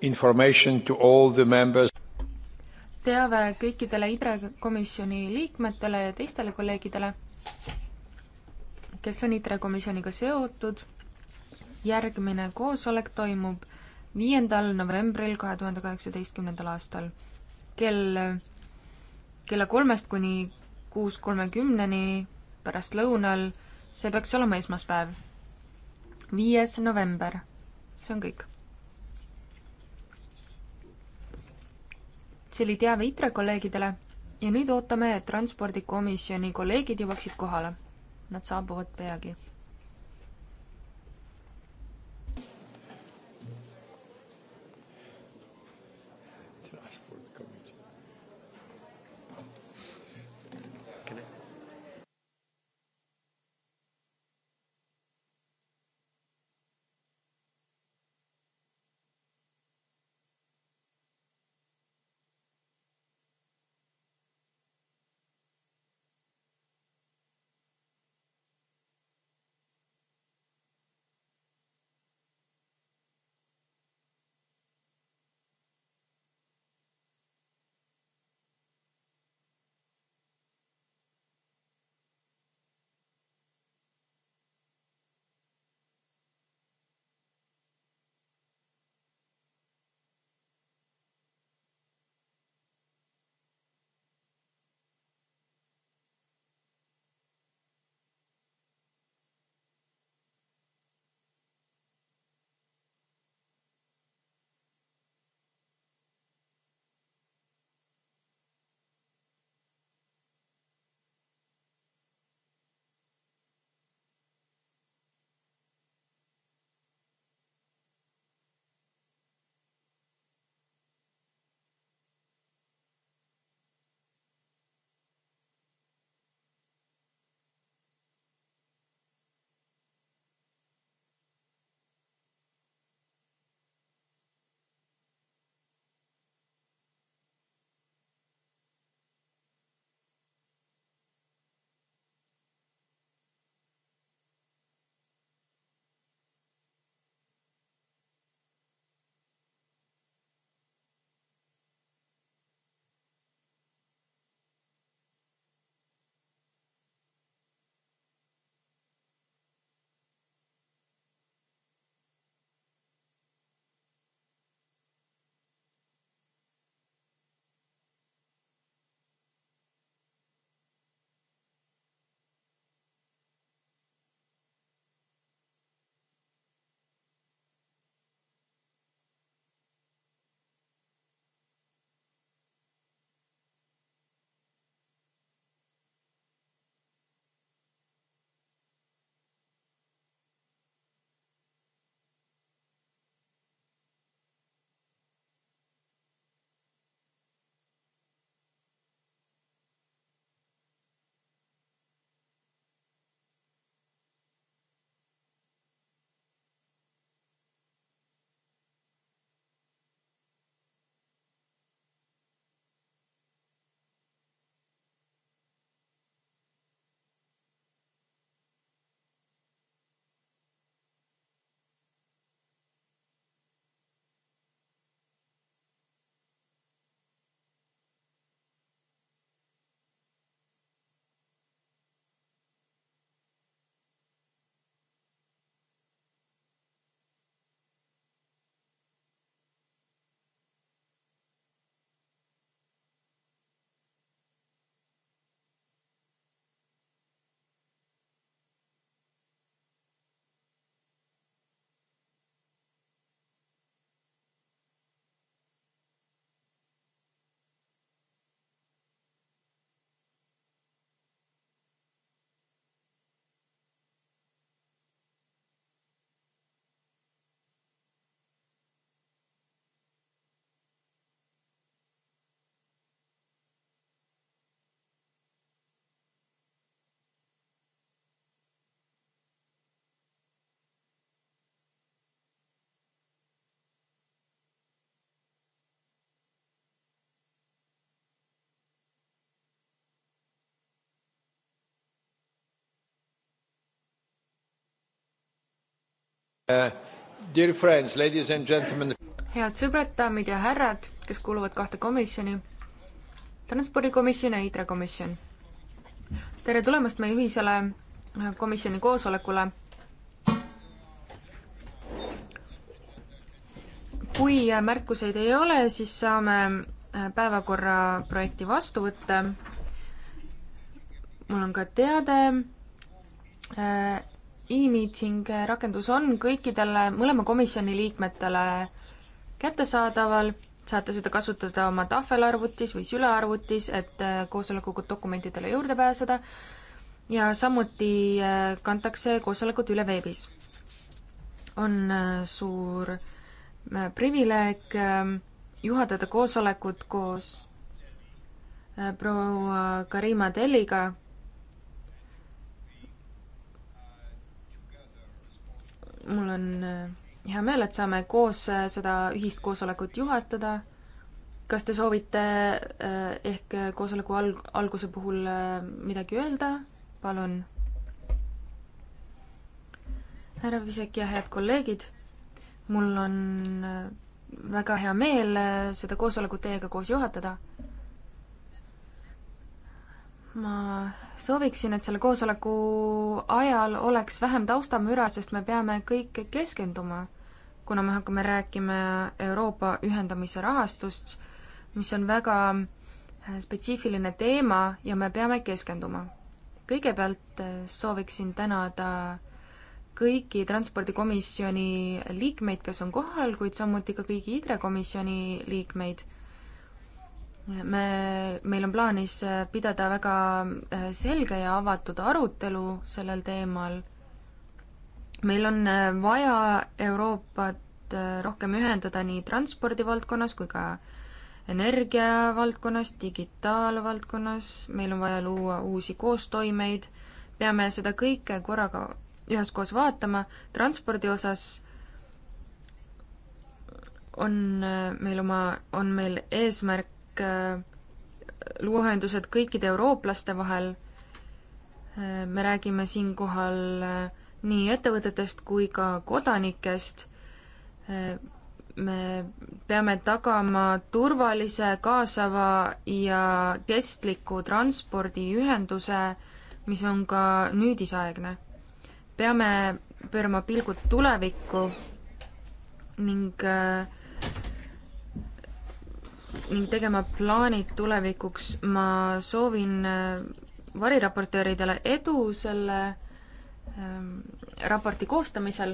information to all the members teave kõikidele IBRE komisjoni liikmetele ja teistele kolleegidele, kes on IBRE komisjoniga seotud. järgmine koosolek toimub viiendal novembril kahe tuhande kaheksateistkümnendal aastal kell, kella kolmest kuni kuus kolmekümneni pärastlõunal. see peaks olema esmaspäev, viies november. see on kõik see oli teave ITRE kolleegidele ja nüüd ootame, et transpordikomisjoni kolleegid jõuaksid kohale. Nad saabuvad peagi Uh, dear friends, ladies and gentlemen. head sõbrad, daamid ja härrad, kes kuuluvad kahte komisjoni, transpordikomisjon ja ITRE komisjon. tere tulemast meie ühisele äh, komisjoni koosolekule. kui äh, märkuseid ei ole, siis saame äh, päevakorra projekti vastu võtta. mul on ka teade e-meeting rakendus on kõikidele mõlema komisjoni liikmetele kättesaadaval, saate seda kasutada oma tahvelarvutis või sülearvutis, et äh, koosoleku dokumentidele juurde pääseda ja samuti äh, kantakse koosolekud üle veebis. on äh, suur privileeg juhatada koosolekut koos proua Karima Telliga mul on äh, hea meel, et saame koos äh, seda ühist koosolekut juhatada. kas te soovite äh, ehk koosoleku alg-, alguse puhul midagi öelda? palun. härra Visek ja head kolleegid, mul on väga hea meel seda koosolekut teiega koos juhatada ma sooviksin, et selle koosoleku ajal oleks vähem taustamüra, sest me peame kõik keskenduma, kuna me hakkame rääkima Euroopa ühendamise rahastust, mis on väga äh, spetsiifiline teema ja me peame keskenduma. kõigepealt äh, sooviksin tänada kõiki Transpordikomisjoni liikmeid, kes on kohal, kuid samuti ka kõigi IDRE komisjoni liikmeid me, meil on plaanis äh, pidada väga äh, selge ja avatud arutelu sellel teemal. meil on äh, vaja Euroopat rohkem ühendada nii transpordivaldkonnas kui ka energiavaldkonnas, digitaalvaldkonnas, meil on vaja luua uusi koostoimeid, peame seda kõike korraga üheskoos vaatama, transpordi osas on meil oma, on meil eesmärk eesmärk äh, luua ühendused kõikide eurooplaste vahel. Äh, me räägime siinkohal äh, nii ettevõtetest kui ka kodanikest. me peame tagama turvalise, kaasava ja kestliku transpordiühenduse, mis on ka nüüdisaegne. peame pöörama pilgud tulevikku ning äh, ning tegema plaanid tulevikuks. ma soovin äh, variraportööridele edu selle ähm, raporti koostamisel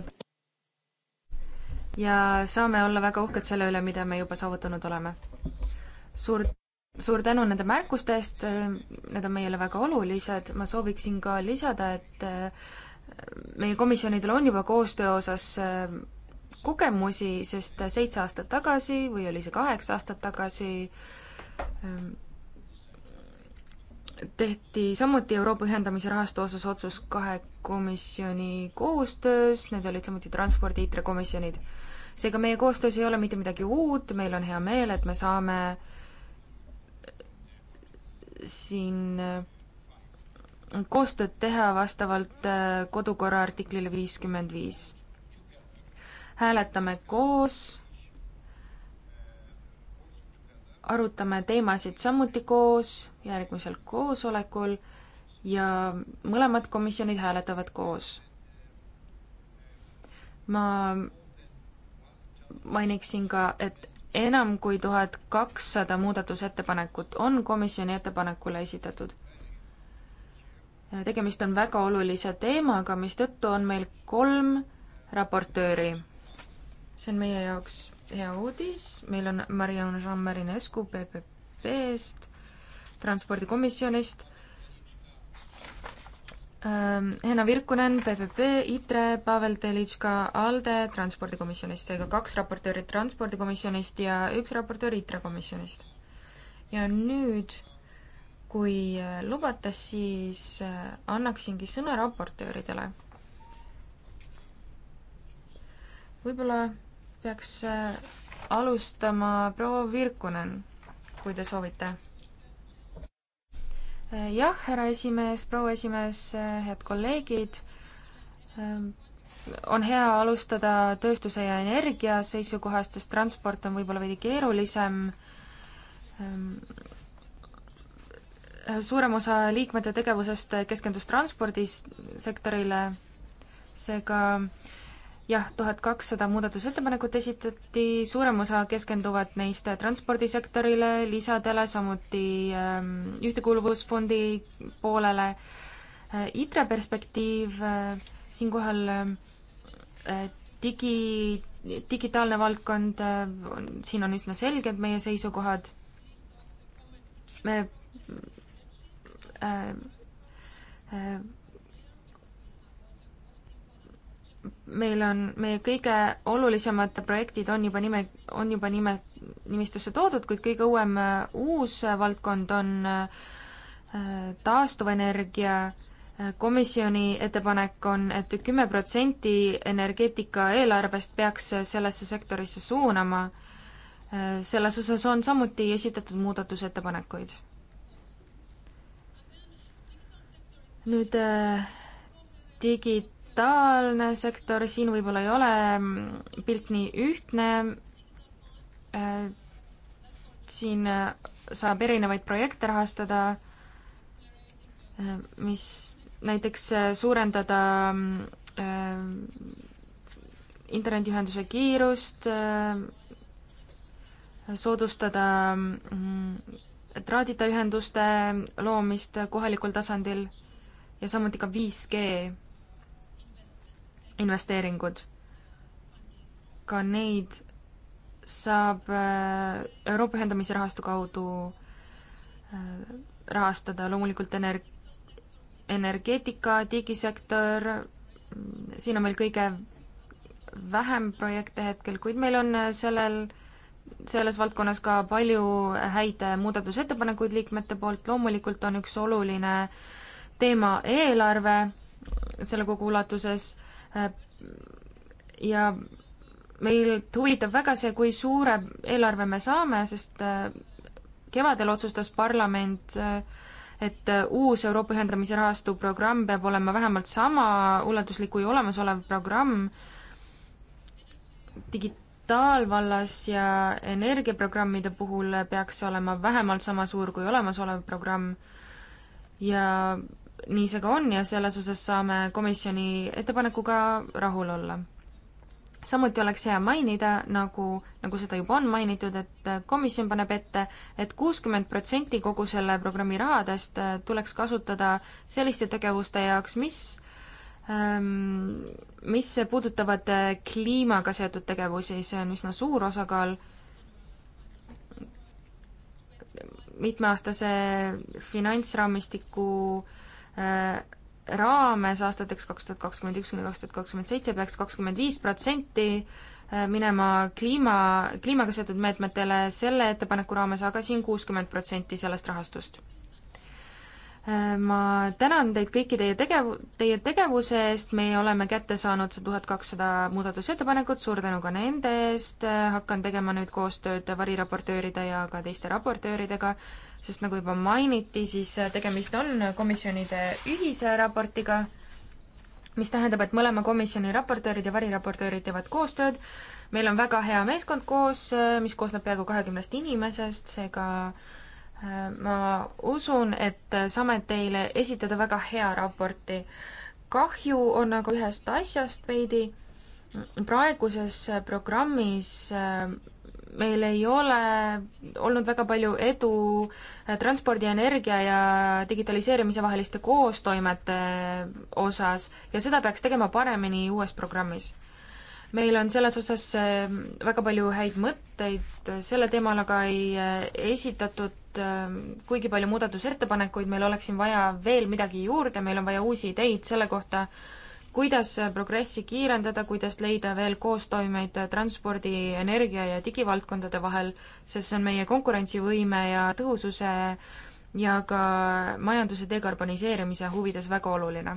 ja saame olla väga uhked selle üle, mida me juba saavutanud oleme. suur, suur tänu nende märkuste eest, need on meile väga olulised, ma sooviksin ka lisada, et äh, meie komisjonidel on juba koostöö osas äh, kogemusi, sest seitse aastat tagasi või oli see kaheksa aastat tagasi ähm, tehti samuti Euroopa ühendamise rahastu osas otsus kahe komisjoni koostöös, need olid samuti transpordi ITRE komisjonid. seega meie koostöös ei ole mitte midagi uut, meil on hea meel, et me saame äh, siin äh, koostööd teha vastavalt äh, kodukorra artiklile viiskümmend viis hääletame koos, arutame teemasid samuti koos järgmisel koosolekul ja mõlemad komisjonid hääletavad koos. ma mainiksin ka, et enam kui tuhat kakssada muudatusettepanekut on komisjoni ettepanekule esitatud tegemist on väga olulise teemaga, mistõttu on meil kolm raportööri see on meie jaoks hea uudis, meil on Marianne Jean-Marinescu PPP-st, transpordikomisjonist ähm,, Henna Virkunen, PPP, ITRE, Pavel Telitška, ALDE transpordikomisjonist, seega kaks raportööri transpordikomisjonist ja üks raportöör ITRE komisjonist. ja nüüd, kui äh, lubate, siis äh, annaksingi sõna raportööridele. võib-olla peaks äh, alustama proua Virkunen, kui te soovite. Äh, jah, härra esimees, proua esimees, äh, head kolleegid, on hea alustada tööstuse ja energia seisukohast, sest transport on võib-olla veidi keerulisem suurem osa liikmete tegevusest keskendus transpordisektorile, seega jah, tuhat kakssada muudatusettepanekut esitati, suurem osa keskenduvad neist transpordisektorile, lisadele, samuti ähm, Ühtekuuluvusfondi poolele. Äh, ITRE perspektiiv äh, siinkohal äh, digi, digitaalne valdkond, siin on üsna selged meie seisukohad. me äh, äh, meil on, meie kõige olulisemad projektid on juba nime, on juba nime, nimistusse toodud, kuid kõige uuem uus valdkond on äh, taastuvenergia komisjoni ettepanek on et, et kümme protsenti energeetika eelarvest peaks sellesse sektorisse suunama. Äh, selles osas on samuti esitatud muudatusettepanekuid. nüüd äh, digi-, digitaalne sektor, siin võib-olla ei ole mm, pilt nii ühtne, äh, siin äh, saab erinevaid projekte rahastada, äh, mis näiteks suurendada mm, internetiühenduse kiirust, soodustada mm, traadita ühenduste loomist kohalikul tasandil ja samuti ka 5G investeeringud. ka neid saab äh, Euroopa ühendamise rahastu kaudu äh, rahastada, loomulikult energ-, energeetika, digisektor, mm, siin on meil kõige vähem projekte hetkel, kuid meil on äh, sellel, selles valdkonnas ka palju häid muudatusettepanekuid liikmete poolt, loomulikult on üks oluline teema eelarve selle kogu ulatuses Äh, ja meid huvitab väga see, kui suure eelarve me saame, sest äh, kevadel otsustas parlament, äh, et uus Euroopa ühendamise rahastu programm peab olema vähemalt sama ulatuslik kui olemasolev programm digitaalvallas ja energiaprogrammide puhul peaks see olema vähemalt sama suur kui olemasolev programm ja nii see ka on ja selles osas saame komisjoni ettepanekuga rahul olla. samuti oleks hea mainida, nagu, nagu seda juba on mainitud, et komisjon paneb ette et, et kuuskümmend protsenti kogu selle programmi rahadest tuleks kasutada selliste tegevuste jaoks, mis ähm, mis puudutavad kliimaga seotud tegevusi, see on üsna suur osakaal mitmeaastase finantsraamistiku äh, Äh, raames aastateks kaks tuhat kakskümmend üks kuni kaks tuhat kakskümmend seitse peaks kakskümmend viis protsenti äh, minema kliima, kliimaga seotud meetmetele selle ettepaneku raames, aga siin kuuskümmend protsenti sellest rahastust. Äh, ma tänan teid kõiki teie tegev-, teie tegevuse eest, me oleme kätte saanud see tuhat kakssada muudatusettepanekut, suur tänu ka nende eest, hakkan tegema nüüd koostööd variraportööride ja ka teiste raportööridega sest nagu juba mainiti, siis äh, tegemist on komisjonide ühise raportiga, mis tähendab, et mõlema komisjoni raportöörid ja variraportöörid teevad koostööd. meil on väga hea meeskond koos, äh, mis koosneb peaaegu kahekümnest inimesest, seega äh, ma usun, et saame teile esitada väga hea raporti. kahju on aga ühest asjast veidi praeguses programmis meil ei ole olnud väga palju edu äh, transpordi, energia ja digitaliseerimise vaheliste koostoimete äh, osas ja seda peaks tegema paremini uues programmis. meil on selles osas äh, väga palju häid mõtteid, selle teemal aga ei esitatud kuigi palju muudatusettepanekuid, meil oleks siin vaja veel midagi juurde, meil on vaja uusi ideid selle kohta, kuidas progressi kiirendada, kuidas leida veel koostoimeid transpordi, energia ja digivaldkondade vahel, sest see on meie konkurentsivõime ja tõhususe ja ka majanduse dekarboniseerimise huvides väga oluline.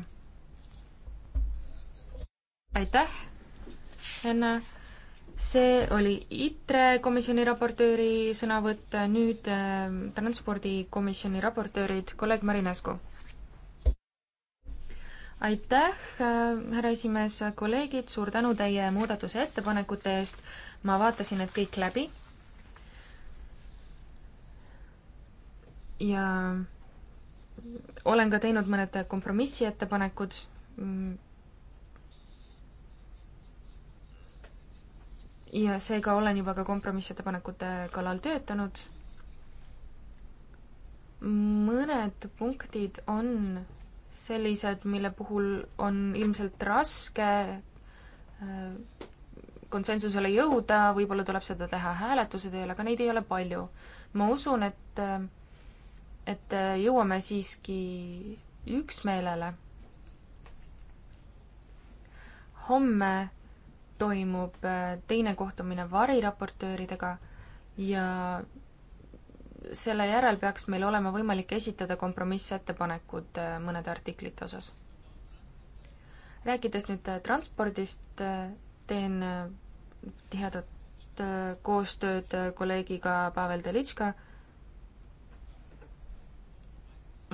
aitäh, Enna. see oli ITRE komisjoni raportööri sõnavõtt, nüüd äh, transpordikomisjoni raportöörid, kolleeg Marinescu aitäh, äh, härra esimees, kolleegid, suur tänu teie muudatuse ettepanekute eest. ma vaatasin need kõik läbi. ja olen ka teinud mõned kompromissi ettepanekud. ja seega olen juba ka kompromissettepanekute kallal töötanud. mõned punktid on sellised, mille puhul on ilmselt raske äh, konsensusele jõuda, võib-olla tuleb seda teha hääletuse teel, aga neid ei ole palju. ma usun, et, äh, et äh, jõuame siiski üksmeelele. homme toimub teine kohtumine variraportööridega ja selle järel peaks meil olema võimalik esitada kompromissettepanekud äh, mõnede artiklite osas. rääkides nüüd äh, transpordist, äh, teen tihedat koostööd kolleegiga Pavel Delitška.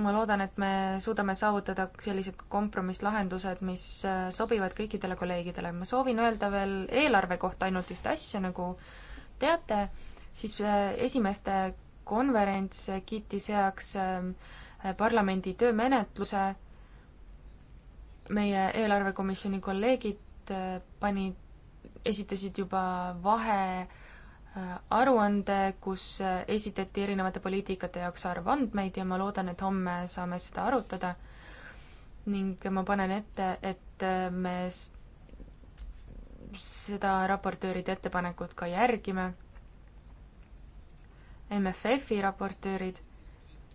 ma loodan, et me suudame saavutada sellised kompromisslahendused, mis sobivad kõikidele kolleegidele. ma soovin öelda veel eelarve kohta ainult ühte asja, nagu teate, siis esimeste konverents kiitis heaks ähm, parlamendi töömenetluse. meie eelarvekomisjoni kolleegid äh, panid, esitasid juba vahe äh, aruande, kus äh, esitati erinevate poliitikate jaoks arvandmeid ja ma loodan, et homme saame seda arutada. ning ma panen ette, et me seda raportööride ettepanekut ka järgime MFF-i raportöörid,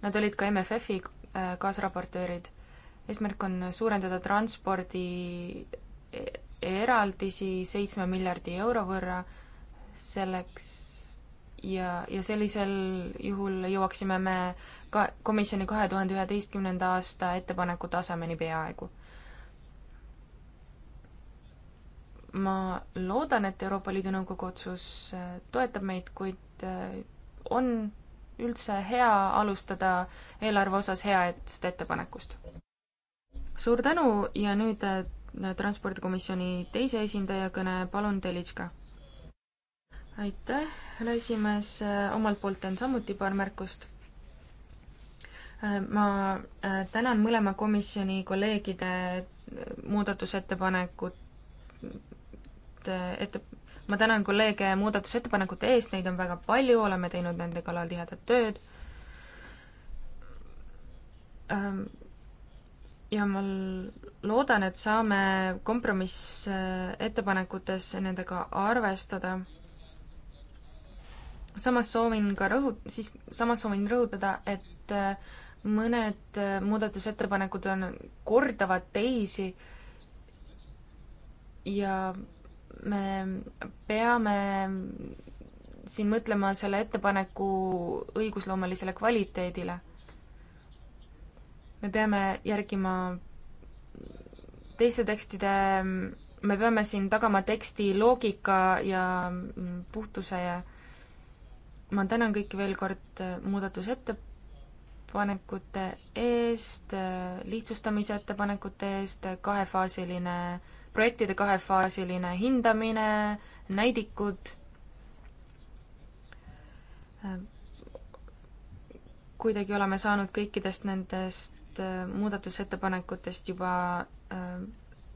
nad olid ka MFF-i äh, kaasraportöörid. eesmärk on suurendada transpordi e-, eraldisi seitsme miljardi euro võrra selleks ja, ja sellisel juhul jõuaksime me ka komisjoni kahe tuhande üheteistkümnenda aasta ettepaneku tasemeni peaaegu. ma loodan, et Euroopa Liidu Nõukogu otsus äh, toetab meid, kuid äh, on üldse hea alustada eelarve osas heast ettepanekust. suur tänu ja nüüd äh, transpordikomisjoni teise esindaja kõne, palun, Telitška. aitäh, härra esimees, äh, omalt poolt teen samuti paar märkust. Äh, ma tänan mõlema komisjoni kolleegide muudatusettepanekut, ette, ma tänan kolleege muudatusettepanekute eest, neid on väga palju, oleme teinud nende kallal tihedat tööd. Ähm, ja ma loodan, et saame kompromissettepanekutes nendega arvestada. samas soovin ka rõhu-, siis samas soovin rõhutada, et äh, mõned äh, muudatusettepanekud on, kordavad teisi ja me peame siin mõtlema selle ettepaneku õigusloomelisele kvaliteedile. me peame järgima teiste tekstide, me peame siin tagama teksti loogika ja puhtuse ja ma tänan kõiki veel kord muudatusettepanekute eest, lihtsustamise ettepanekute eest, kahefaasiline äh, projektide kahefaasiline hindamine, näidikud, kuidagi oleme saanud kõikidest nendest äh, muudatusettepanekutest juba äh,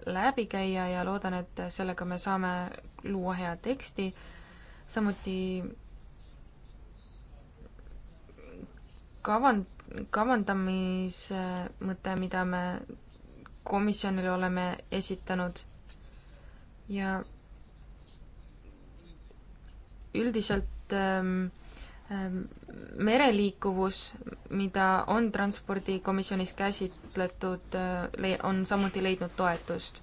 läbi käia ja loodan, et sellega me saame luua hea teksti, samuti kavand, kavandamise mõte, mida me komisjonile oleme esitanud ja üldiselt ähm, ähm, mereliikuvus, mida on Transpordikomisjonis käsitletud äh,, on samuti leidnud toetust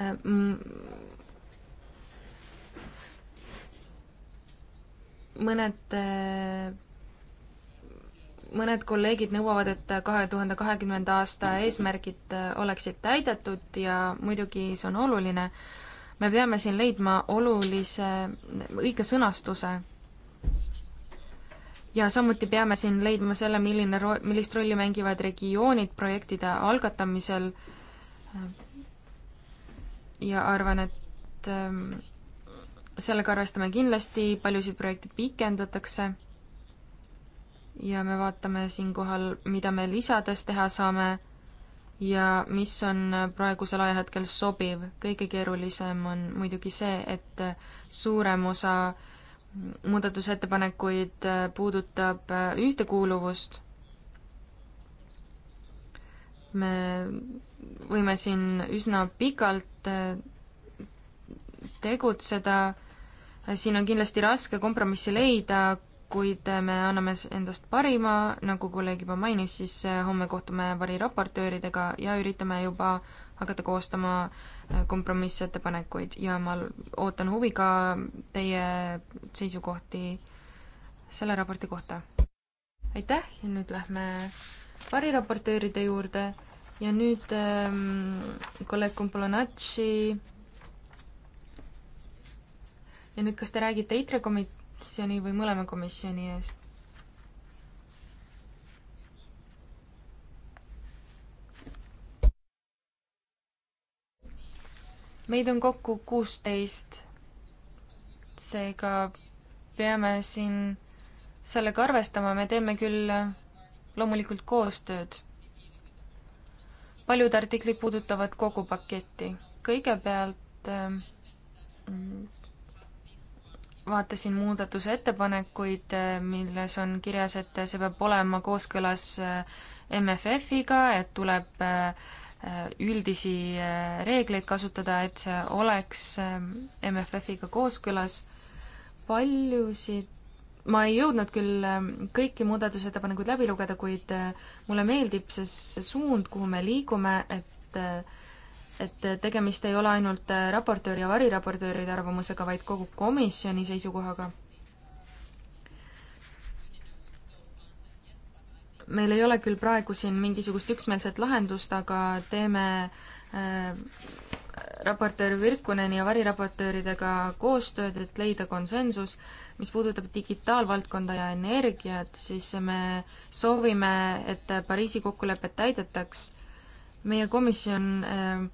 ähm,. mõned äh, mõned kolleegid nõuavad, et kahe tuhande kahekümnenda aasta eesmärgid äh, oleksid täidetud ja muidugi see on oluline. me peame siin leidma olulise, õige sõnastuse. ja samuti peame siin leidma selle, milline ro-, millist rolli mängivad regioonid projektide algatamisel ja arvan, et ähm, sellega arvestame kindlasti, paljusid projekte pikendatakse ja me vaatame siinkohal, mida me lisades teha saame ja mis on praegusel ajahetkel sobiv. kõige keerulisem on muidugi see, et suurem osa muudatusettepanekuid puudutab ühtekuuluvust. me võime siin üsna pikalt tegutseda, siin on kindlasti raske kompromissi leida, kuid me anname endast parima, nagu kolleeg juba mainis, siis äh, homme kohtume variraportööridega ja üritame juba hakata koostama äh, kompromissettepanekuid ja ma ootan huviga teie seisukohti selle raporti kohta. aitäh ja nüüd lähme variraportööride juurde ja nüüd ähm, kolleeg Kumpolonatši ja nüüd, kas te räägite ITRE komit-, komisjoni või mõlema komisjoni ees. meid on kokku kuusteist. seega peame siin sellega arvestama, me teeme küll loomulikult koostööd. paljud artiklid puudutavad kogu paketti. kõigepealt ähm, vaatasin muudatusettepanekuid, äh, milles on kirjas, et see peab olema kooskõlas äh, MFF-iga, et tuleb äh, üldisi reegleid kasutada, et see oleks MFF-iga kooskõlas. paljusid, ma ei jõudnud küll kõiki muudatusettepanekuid läbi lugeda, kuid mulle meeldib see suund, kuhu me liigume, et et tegemist ei ole ainult äh, raportööri ja variraportööride arvamusega, vaid kogu komisjoni seisukohaga. meil ei ole küll praegu siin mingisugust üksmeelset lahendust, aga teeme äh, raportöör Virkuneni ja variraportööridega koostööd, et leida konsensus. mis puudutab digitaalvaldkonda ja energiat, siis me soovime, et Pariisi kokkulepet täidetaks. meie komisjon äh,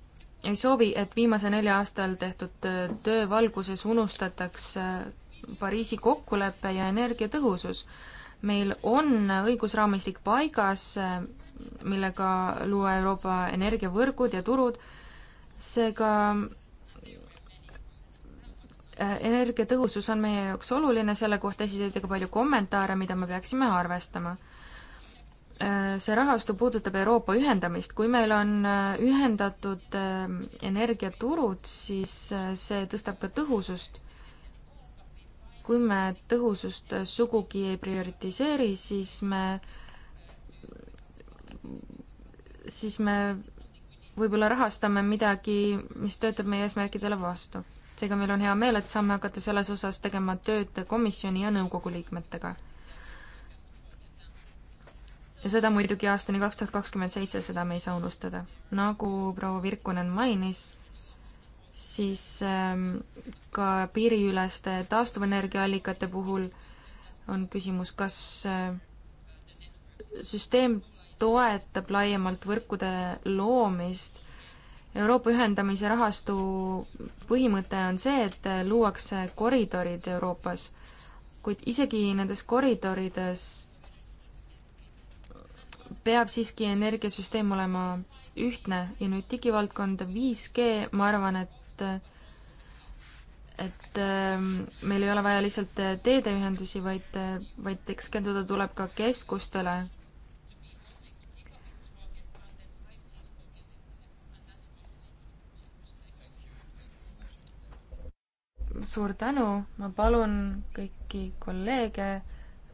ei soovi, et viimase nelja aastal tehtud töö valguses unustataks äh, Pariisi kokkulepe ja energiatõhusus. meil on õigusraamistik paigas, äh, millega luua Euroopa energiavõrgud ja turud, seega äh, energiatõhusus on meie jaoks oluline, selle kohta esitati ka palju kommentaare, mida me peaksime arvestama Äh, see rahastu puudutab Euroopa ühendamist. kui meil on äh, ühendatud äh, energiaturud, siis see tõstab ka tõhusust. kui me tõhusust sugugi ei prioritiseeri, siis me, siis me võib-olla rahastame midagi, mis töötab meie eesmärkidele vastu. seega meil on hea meel, et saame hakata selles osas tegema tööd komisjoni ja nõukogu liikmetega ja seda muidugi aastani kaks tuhat kakskümmend seitse, seda me ei saa unustada. nagu proua Virkunen mainis, siis ähm, ka piiriüleste taastuvenergiaallikate puhul on küsimus, kas äh, süsteem toetab laiemalt võrkude loomist. Euroopa ühendamise rahastu põhimõte on see, et äh, luuakse koridorid Euroopas, kuid isegi nendes koridorides peab siiski energiasüsteem olema ühtne ja nüüd digivaldkond 5G, ma arvan, et et ähm, meil ei ole vaja lihtsalt teedeühendusi, vaid, vaid keskenduda tuleb ka keskustele suur tänu, ma palun kõiki kolleege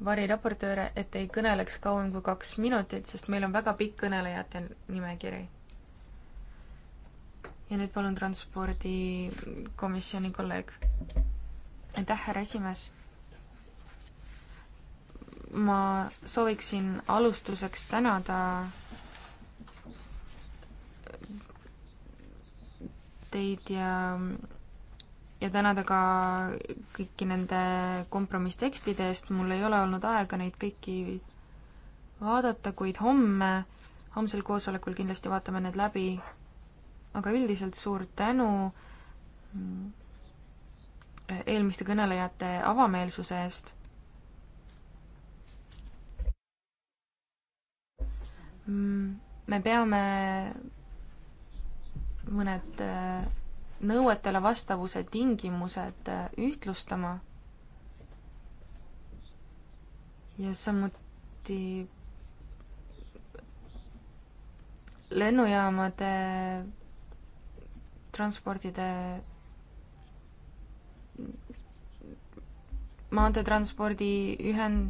variraportööre, et ei kõneleks kauem kui kaks minutit, sest meil on väga pikk kõnelejate nimekiri. ja nüüd palun transpordikomisjoni kolleeg. aitäh, härra esimees. ma sooviksin alustuseks tänada teid ja ja tänada ka kõiki nende kompromisstekstide eest, mul ei ole olnud aega neid kõiki vaadata, kuid homme, homsel koosolekul kindlasti vaatame need läbi. aga üldiselt suur tänu mm, eelmiste kõnelejate avameelsuse eest. Mm, me peame mõned äh, nõuetele vastavuse tingimused äh, ühtlustama ja samuti lennujaamade transpordide maanteetranspordi ühen-,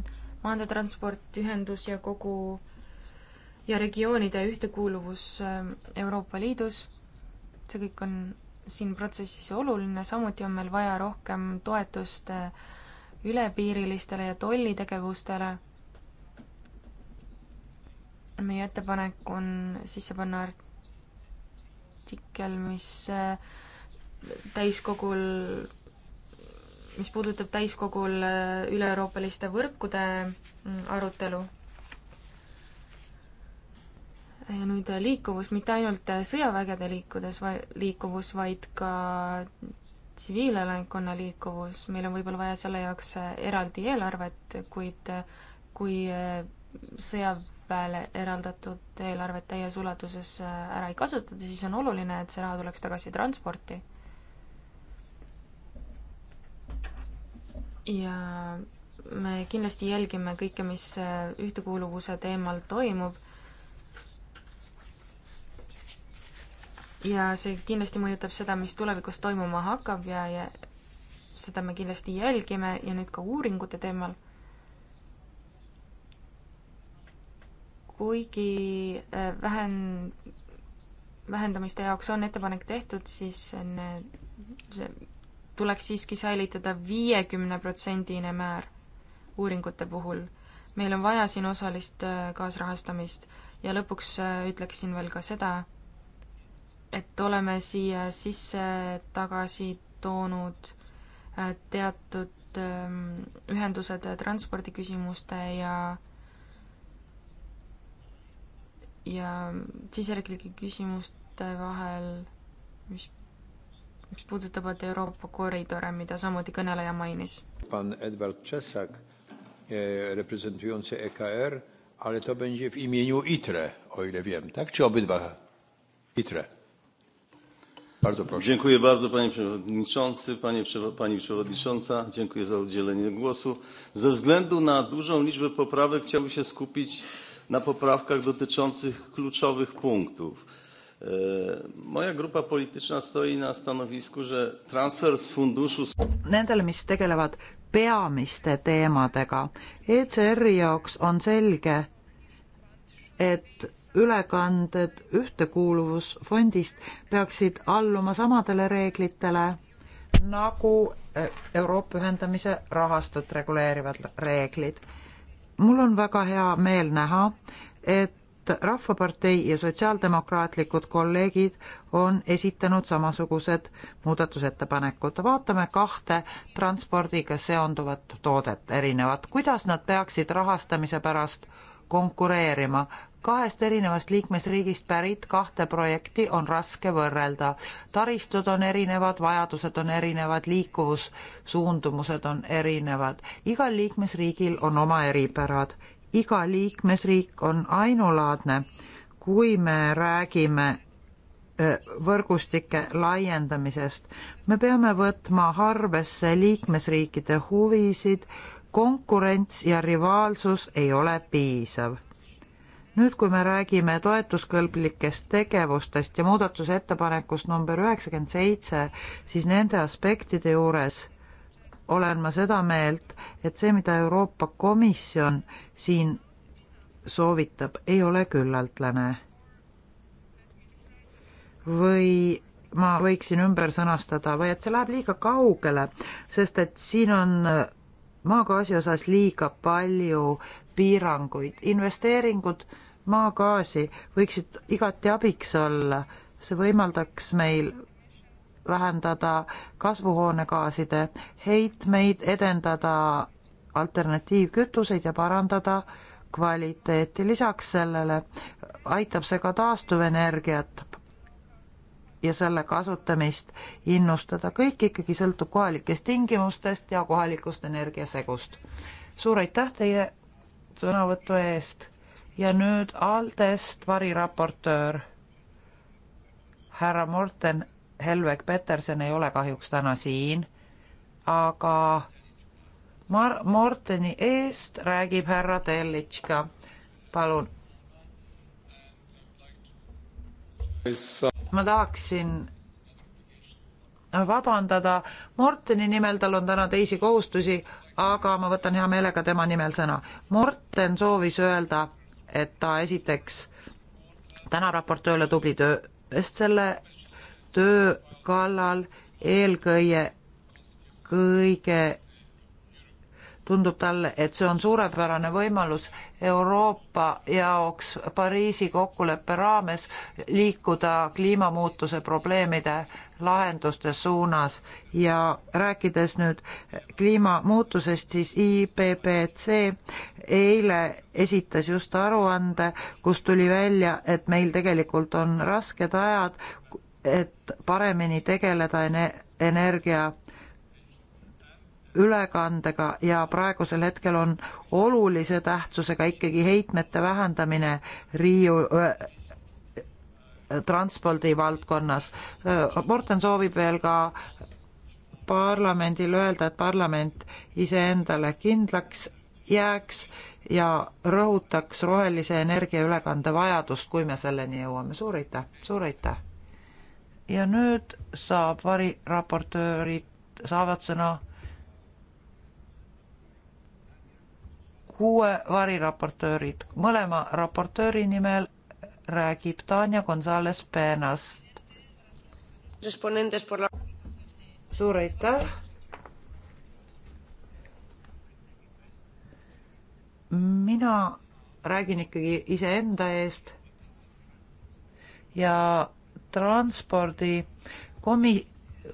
maanteetransport, ühendus ja kogu ja regioonide ühtekuuluvus äh, Euroopa Liidus, see kõik on siin protsessis oluline, samuti on meil vaja rohkem toetust äh, ülepiirilistele ja tollitegevustele. meie ettepanek on sisse panna artikkel, mis äh, täiskogul, mis puudutab täiskogul äh, üle-euroopaliste võrkude mm, arutelu ja nüüd äh, liikuvus, mitte ainult äh, sõjavägede liikudes, liikuvus, vaid ka tsiviilelanikkonna liikuvus, meil on võib-olla vaja selle jaoks äh, eraldi eelarvet, kuid kui sõjaväele eraldatud eelarvet täies ulatuses ära ei kasutata, siis on oluline, et see raha tuleks tagasi transporti. ja me kindlasti jälgime kõike, mis ühtekuuluvuse teemal toimub ja see kindlasti mõjutab seda, mis tulevikus toimuma hakkab ja, ja seda me kindlasti jälgime ja nüüd ka uuringute teemal. kuigi äh, vähen, vähendamiste jaoks on ettepanek tehtud, siis need, see tuleks siiski säilitada viiekümne protsendine määr uuringute puhul. meil on vaja siin osalist äh, kaasrahastamist ja lõpuks äh, ütleksin veel ka seda, et oleme siia sisse tagasi toonud äh, teatud ähm, ühendused transpordiküsimuste ja ja siseriiklike küsimuste vahel, mis, mis puudutavad Euroopa koridore, mida samuti kõneleja mainis. pan Edward Czesak e, reprezentujący EKR, ale to będzie w imieniu ITRE, o ile wiem, tak? Czy obydwa? ITRE Bardzo proszę. Dziękuję bardzo panie przewodniczący, panie, pani przewodnicząca. Dziękuję za udzielenie głosu. Ze względu na dużą liczbę poprawek chciałbym się skupić na poprawkach dotyczących kluczowych punktów. E, moja grupa polityczna stoi na stanowisku, że transfer z funduszu Nendele, mis tegelevad peamiste teemadega. ECR-i jaoks on selge, et ülekanded ühtekuuluvusfondist peaksid alluma samadele reeglitele nagu eh, Euroopa ühendamise rahastut reguleerivad reeglid. mul on väga hea meel näha, et Rahvapartei ja sotsiaaldemokraatlikud kolleegid on esitanud samasugused muudatusettepanekud. vaatame kahte transpordiga seonduvat toodet erinevat, kuidas nad peaksid rahastamise pärast konkureerima, kahest erinevast liikmesriigist pärit kahte projekti on raske võrrelda. taristud on erinevad, vajadused on erinevad, liikuvussuundumused on erinevad. igal liikmesriigil on oma eripärad. iga liikmesriik on ainulaadne. kui me räägime võrgustike laiendamisest, me peame võtma arvesse liikmesriikide huvisid, konkurents ja rivaalsus ei ole piisav nüüd, kui me räägime toetuskõlblikest tegevustest ja muudatusettepanekust number üheksakümmend seitse, siis nende aspektide juures olen ma seda meelt, et see, mida Euroopa Komisjon siin soovitab, ei ole küllaltlane. või ma võiksin ümber sõnastada või et see läheb liiga kaugele, sest et siin on maagaasi osas liiga palju piiranguid. investeeringud maagaasi võiksid igati abiks olla, see võimaldaks meil vähendada kasvuhoonegaaside heitmeid, edendada alternatiivkütuseid ja parandada kvaliteeti. lisaks sellele aitab see ka taastuvenergiat ja selle kasutamist innustada. kõik ikkagi sõltub kohalikest tingimustest ja kohalikust energiasegust. suur aitäh teie sõnavõtu eest ja nüüd Aldest variraportöör härra Morten Helveg Peterson ei ole kahjuks täna siin, aga Mar-, Morteni eest räägib härra Tellitška, palun. ma tahaksin vabandada Morteni nimel, tal on täna teisi kohustusi, aga ma võtan hea meelega tema nimel sõna. Morten soovis öelda, et ta esiteks tänab raportööle tubli töö eest selle töö kallal eelkõige kõige tundub talle, et see on suurepärane võimalus Euroopa jaoks Pariisi kokkuleppe raames liikuda kliimamuutuse probleemide lahenduste suunas ja rääkides nüüd kliimamuutusest, siis IPPC eile esitas just aruande, kus tuli välja, et meil tegelikult on rasked ajad, et paremini tegeleda energia ülekandega ja praegusel hetkel on olulise tähtsusega ikkagi heitmete vähendamine riiu- äh,, transpordi valdkonnas. Äh, Morten soovib veel ka parlamendile öelda, et parlament iseendale kindlaks jääks ja rõhutaks rohelise energia ülekande vajadust, kui me selleni jõuame. suur aitäh, suur aitäh! ja nüüd saab variraportöörid, saavad sõna kuue variraportöörid. mõlema raportööri nimel räägib Tanja Gonzales Penas. suur aitäh. mina räägin ikkagi iseenda eest ja transpordi komi-,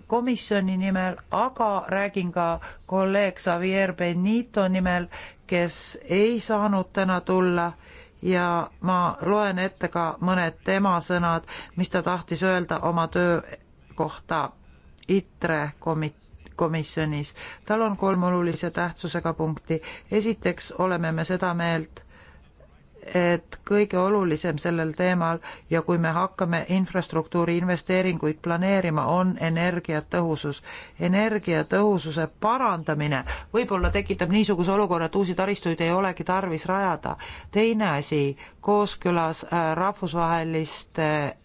komisjoni nimel, aga räägin ka kolleeg Xavier Benito nimel, kes ei saanud täna tulla ja ma loen ette ka mõned tema sõnad, mis ta tahtis öelda oma töö kohta ITRE komitee komisjonis. tal on kolm olulise tähtsusega punkti. esiteks oleme me seda meelt, et kõige olulisem sellel teemal ja kui me hakkame infrastruktuuri investeeringuid planeerima, on energiatõhusus. energiatõhususe parandamine võib-olla tekitab niisuguse olukorra, et uusi taristuid ei olegi tarvis rajada. teine asi, kooskõlas äh, rahvusvaheliste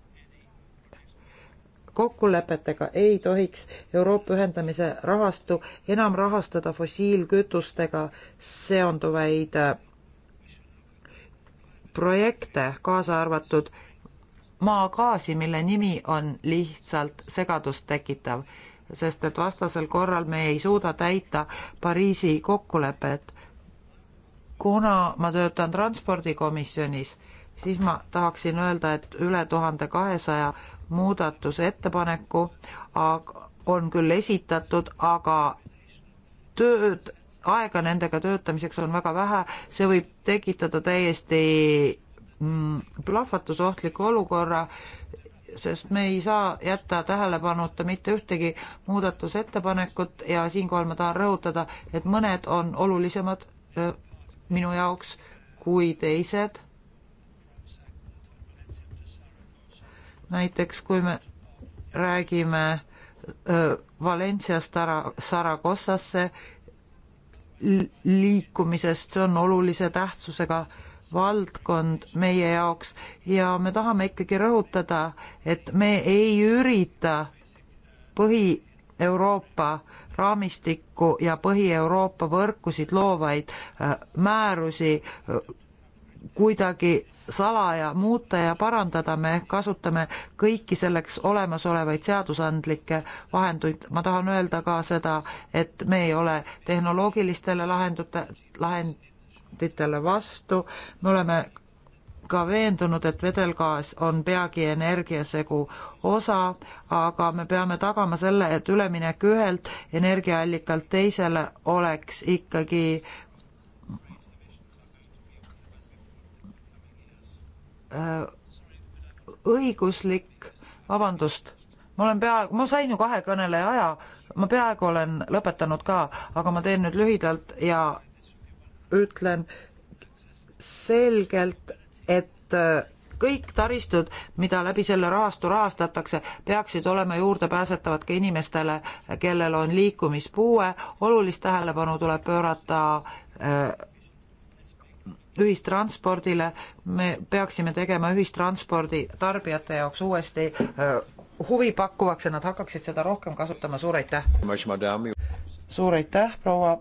kokkulepetega ei tohiks Euroopa ühendamise rahastu enam rahastada fossiilkütustega seonduvaid äh, projekte, kaasa arvatud maagaasi, mille nimi on lihtsalt segadust tekitav, sest et vastasel korral me ei suuda täita Pariisi kokkulepet. kuna ma töötan transpordikomisjonis, siis ma tahaksin öelda, et üle tuhande kahesaja muudatusettepaneku on küll esitatud, aga tööd aega nendega töötamiseks on väga vähe, see võib tekitada täiesti mm, plahvatusohtliku olukorra, sest me ei saa jätta tähelepanuta mitte ühtegi muudatusettepanekut ja siinkohal ma tahan rõhutada, et mõned on olulisemad minu jaoks kui teised. näiteks kui me räägime Valenciast Saragosasse liikumisest, see on olulise tähtsusega valdkond meie jaoks ja me tahame ikkagi rõhutada, et me ei ürita Põhi-Euroopa raamistikku ja Põhi-Euroopa võrkusid loovaid äh, määrusi äh, kuidagi salaja muuta ja parandada, me kasutame kõiki selleks olemasolevaid seadusandlikke vahenduid. ma tahan öelda ka seda, et me ei ole tehnoloogilistele lahendute, lahenditele vastu, me oleme ka veendunud, et vedelgaas on peagi energiasegu osa, aga me peame tagama selle, et üleminek ühelt energiaallikalt teisele oleks ikkagi Äh, õiguslik, vabandust, ma olen peaaegu, ma sain ju kahe kõneleja aja, ma peaaegu olen lõpetanud ka, aga ma teen nüüd lühidalt ja ütlen selgelt, et äh, kõik taristud, mida läbi selle rahastu rahastatakse, peaksid olema juurdepääsetavad ka inimestele, kellel on liikumispuue, olulist tähelepanu tuleb pöörata äh, ühistranspordile, me peaksime tegema ühistranspordi tarbijate jaoks uuesti äh, huvipakkuvaks ja nad hakkaksid seda rohkem kasutama, suur aitäh! suur aitäh, proua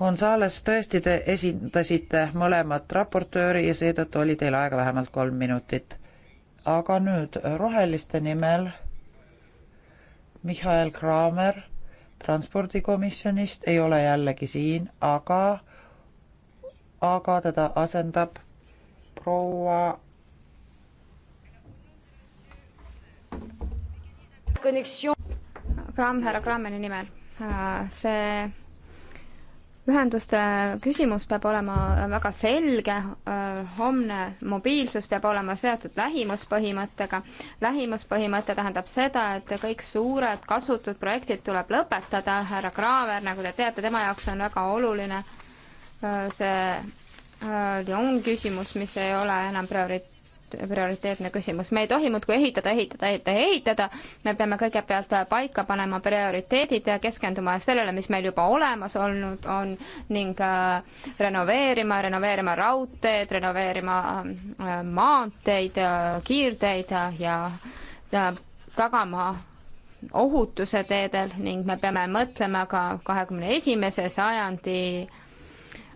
Gonzales, tõesti, te esindasite mõlemat raportööri ja seetõttu oli teil aega vähemalt kolm minutit. aga nüüd roheliste nimel Mihhail Kraamer transpordikomisjonist ei ole jällegi siin, aga aga teda asendab proua Gramm, härra Grammeni nimel. Äh, see ühenduste küsimus peab olema väga selge, äh, homne mobiilsus peab olema seotud lähimuspõhimõttega. lähimuspõhimõte tähendab seda, et kõik suured kasutud projektid tuleb lõpetada, härra Kraaver, nagu te teate, tema jaoks on väga oluline Äh, see äh, Lyon küsimus, mis ei ole enam priori-, prioriteetne küsimus. me ei tohi muudkui ehitada, ehitada, ehitada, ehitada, me peame kõigepealt paika panema prioriteedid ja keskenduma sellele, mis meil juba olemas olnud on ning äh, renoveerima, renoveerima raudteed, renoveerima maanteid, kiirteid ja, ja tagama ohutuse teedel ning me peame mõtlema ka kahekümne esimese sajandi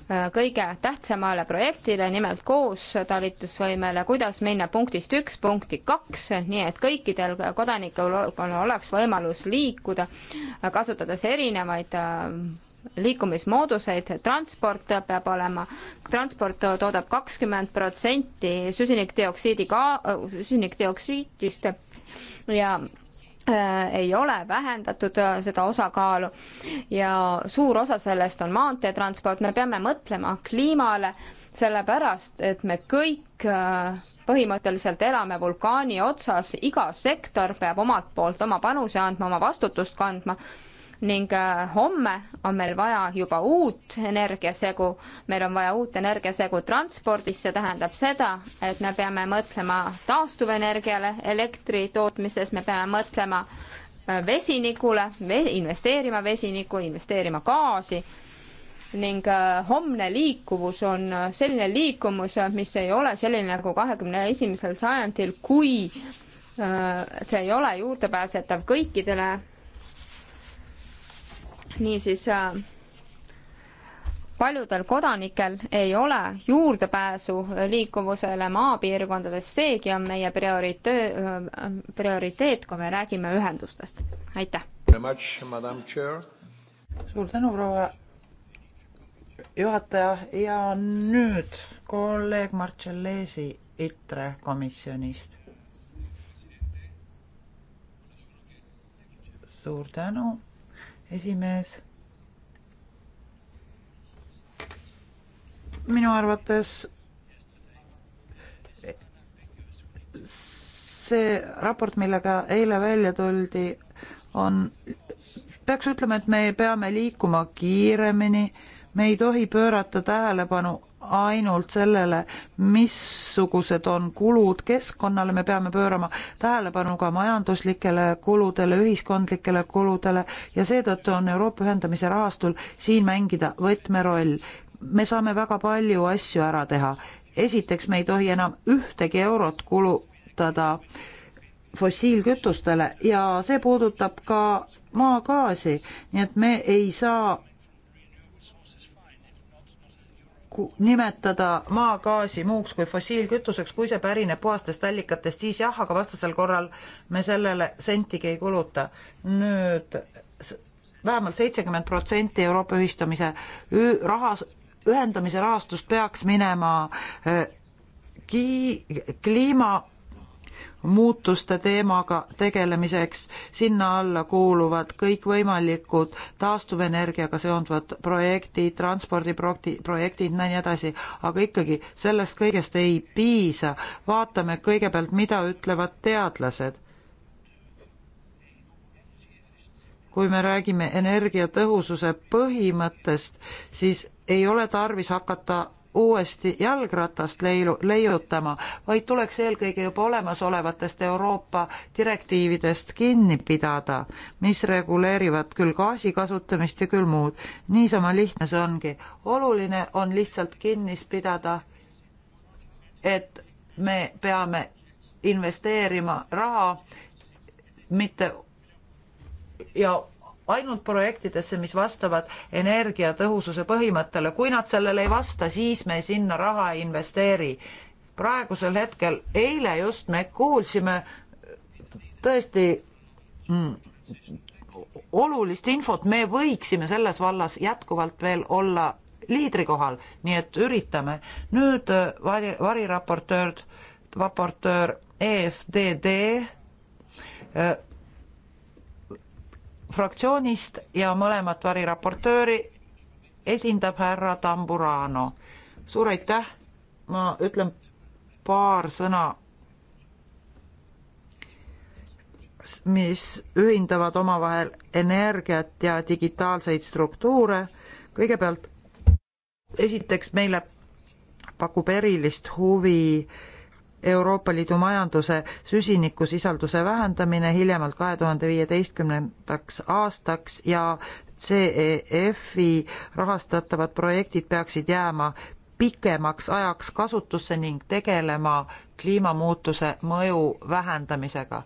kõige tähtsamale projektile, nimelt koostalitusvõimele, kuidas minna punktist üks punkti kaks, nii et kõikidel kodanikel oleks võimalus liikuda, kasutades erinevaid äh, liikumismooduseid, transport peab olema, transport toodab kakskümmend protsenti süsinikdioksiidi ka-, süsinikdioksiidist ja Äh, ei ole vähendatud äh, seda osakaalu ja suur osa sellest on maanteetransport, me peame mõtlema kliimale, sellepärast et me kõik äh, põhimõtteliselt elame vulkaani otsas, iga sektor peab omalt poolt oma panuse andma, oma vastutust kandma ning äh, homme on meil vaja juba uut energiasegu, meil on vaja uut energiasegu transpordis, see tähendab seda, et me peame mõtlema taastuvenergiale elektri tootmises, me peame mõtlema äh, vesinikule, investeerima vesinikku, investeerima gaasi ning äh, homne liikuvus on selline liikumus, mis ei ole selline nagu kahekümne esimesel sajandil, kui see ei ole juurdepääsetav kõikidele niisiis äh, paljudel kodanikel ei ole juurdepääsu liikuvusele maapiirkondades, seegi on meie prioriteet, äh, prioriteet, kui me räägime ühendustest. aitäh! suur tänu, proua juhataja ja nüüd kolleeg Marcellesi ITRE komisjonist. suur tänu esimees. minu arvates see raport, millega eile välja tuldi, on, peaks ütlema, et me peame liikuma kiiremini, me ei tohi pöörata tähelepanu ainult sellele, missugused on kulud keskkonnale, me peame pöörama tähelepanu ka majanduslikele kuludele, ühiskondlikele kuludele ja seetõttu on Euroopa ühendamise rahastul siin mängida võtmeroll. me saame väga palju asju ära teha. esiteks, me ei tohi enam ühtegi eurot kulutada fossiilkütustele ja see puudutab ka maagaasi, nii et me ei saa nimetada maagaasi muuks kui fossiilkütuseks, kui see pärineb puhastest allikatest, siis jah, aga vastasel korral me sellele sentigi ei kuluta. nüüd vähemalt seitsekümmend protsenti Euroopa ühistamise rahas, ühendamise rahastust peaks minema äh, ki-, kliima muutuste teemaga tegelemiseks. sinna alla kuuluvad kõikvõimalikud taastuvenergiaga seonduvad projektid, transpordiprojektid, nii edasi, aga ikkagi sellest kõigest ei piisa. vaatame kõigepealt, mida ütlevad teadlased. kui me räägime energiatõhususe põhimõttest, siis ei ole tarvis hakata uuesti jalgratast leilu, leiutama, vaid tuleks eelkõige juba olemasolevatest Euroopa direktiividest kinni pidada, mis reguleerivad küll gaasi kasutamist ja küll muud. niisama lihtne see ongi. oluline on lihtsalt kinnis pidada, et me peame investeerima raha mitte ja ainult projektidesse, mis vastavad energiatõhususe põhimõttele. kui nad sellele ei vasta, siis me sinna raha ei investeeri. praegusel hetkel, eile just me kuulsime tõesti mm, olulist infot, me võiksime selles vallas jätkuvalt veel olla liidrikohal, nii et üritame. nüüd äh, vari, variraportöör, raportöör EFDD fraktsioonist ja mõlemat variraportööri esindab härra Tamburano. suur aitäh, ma ütlen paar sõna, mis ühindavad omavahel energiat ja digitaalseid struktuure. kõigepealt, esiteks meile pakub erilist huvi äh, Euroopa Liidu majanduse süsinikusisalduse vähendamine hiljemalt kahe tuhande viieteistkümnendaks aastaks ja CEF-i rahastatavad projektid peaksid jääma pikemaks ajaks kasutusse ning tegelema kliimamuutuse mõju vähendamisega.